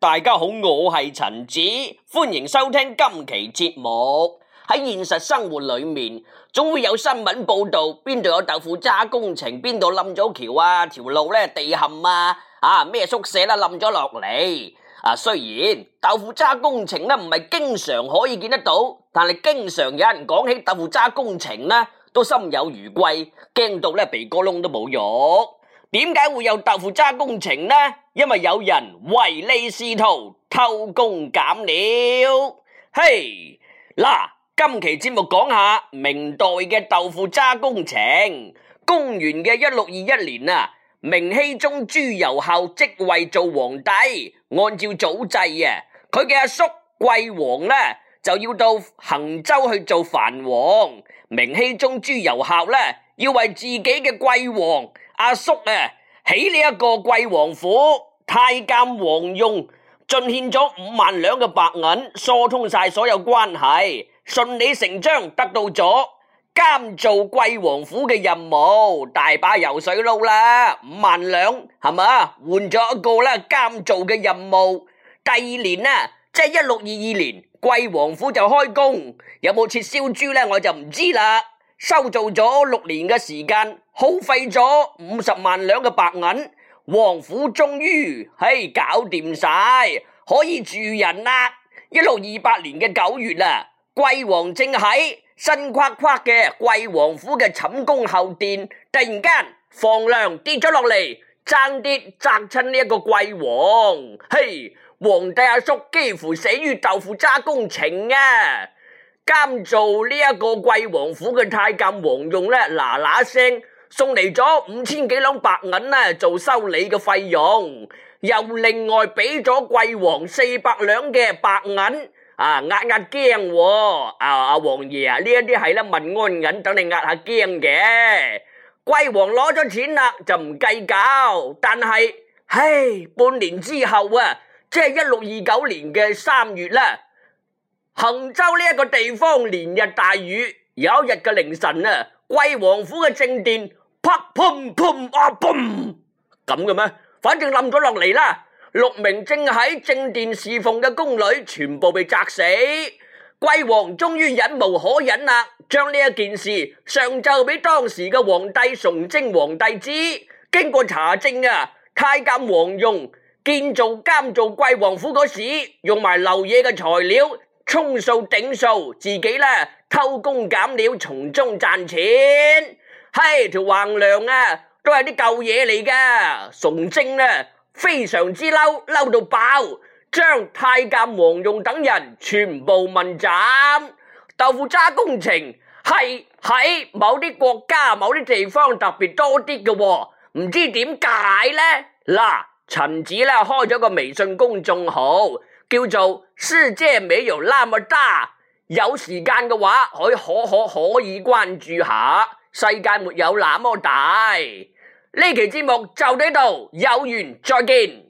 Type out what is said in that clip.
大家好，我係陳子，歡迎收聽今期節目。喺現實生活裏面，總會有新聞報道邊度有豆腐渣工程，邊度冧咗橋啊，條路咧地陷啊，啊咩宿舍啦冧咗落嚟啊。雖然豆腐渣工程咧唔係經常可以見得到，但係經常有人講起豆腐渣工程咧，都心有餘悸，驚到咧鼻哥窿都冇肉。點解會有豆腐渣工程呢？因為有人唯利是圖，偷工減料。嘿，嗱，今期節目講下明代嘅豆腐渣工程。公元嘅一六二一年啊，明熹宗朱由校即位做皇帝，按照祖制啊，佢嘅阿叔桂王呢就要到衡州去做藩王。明熹宗朱由校呢，要為自己嘅貴王阿叔啊，起呢一個貴王府，太監王用進獻咗五萬兩嘅白銀，疏通晒所有關係，順理成章得到咗監造貴王府嘅任務，大把油水撈啦，五萬兩係咪？換咗一個啦監造嘅任務。第二年啊，即係一六二二年，貴王府就開工，有冇切燒豬咧，我就唔知啦。修造咗六年嘅時間，耗費咗五十萬兩嘅白銀，王府終於嘿搞掂晒，可以住人啦。一六二八年嘅九月啦，桂王正喺新垮垮嘅桂王府嘅寢宮後殿，突然間房梁跌咗落嚟，爭啲砸親呢一個桂王，嘿，皇帝阿叔幾乎死於豆腐渣工程啊！監造呢一個貴王府嘅太監王用呢，嗱嗱聲送嚟咗五千幾兩白銀啦，做修理嘅費用，又另外畀咗貴王四百兩嘅白銀，啊壓壓驚喎，啊啊王爺啊，呢一啲係呢問安銀，等你壓下驚嘅。貴王攞咗錢啦，就唔計較，但係，唉，半年之後啊，即係一六二九年嘅三月啦，啊。杭州呢一個地方連日大雨，有一日嘅凌晨啊，貴王府嘅正殿砰砰砰啊砰咁嘅咩？反正冧咗落嚟啦，六名正喺正殿侍奉嘅宮女全部被砸死。貴王終於忍無可忍啦，將呢一件事上奏俾當時嘅皇帝崇禎皇帝知。經過查證啊，太監王用建造監造貴王府嗰時用埋漏嘢嘅材料。充數頂數，自己呢偷工減料，從中賺錢。嘿，條橫梁啊，都係啲舊嘢嚟噶。崇禎呢，非常之嬲，嬲到爆，將太監黃庸等人全部問斬。豆腐渣工程係喺某啲國家、某啲地方特別多啲嘅，唔知點解呢？嗱，陳子呢，開咗個微信公眾號。叫做世界沒有那麼大，有時間嘅話，可以可可可以關注下世界沒有那麼大。呢期節目就呢度，有緣再見。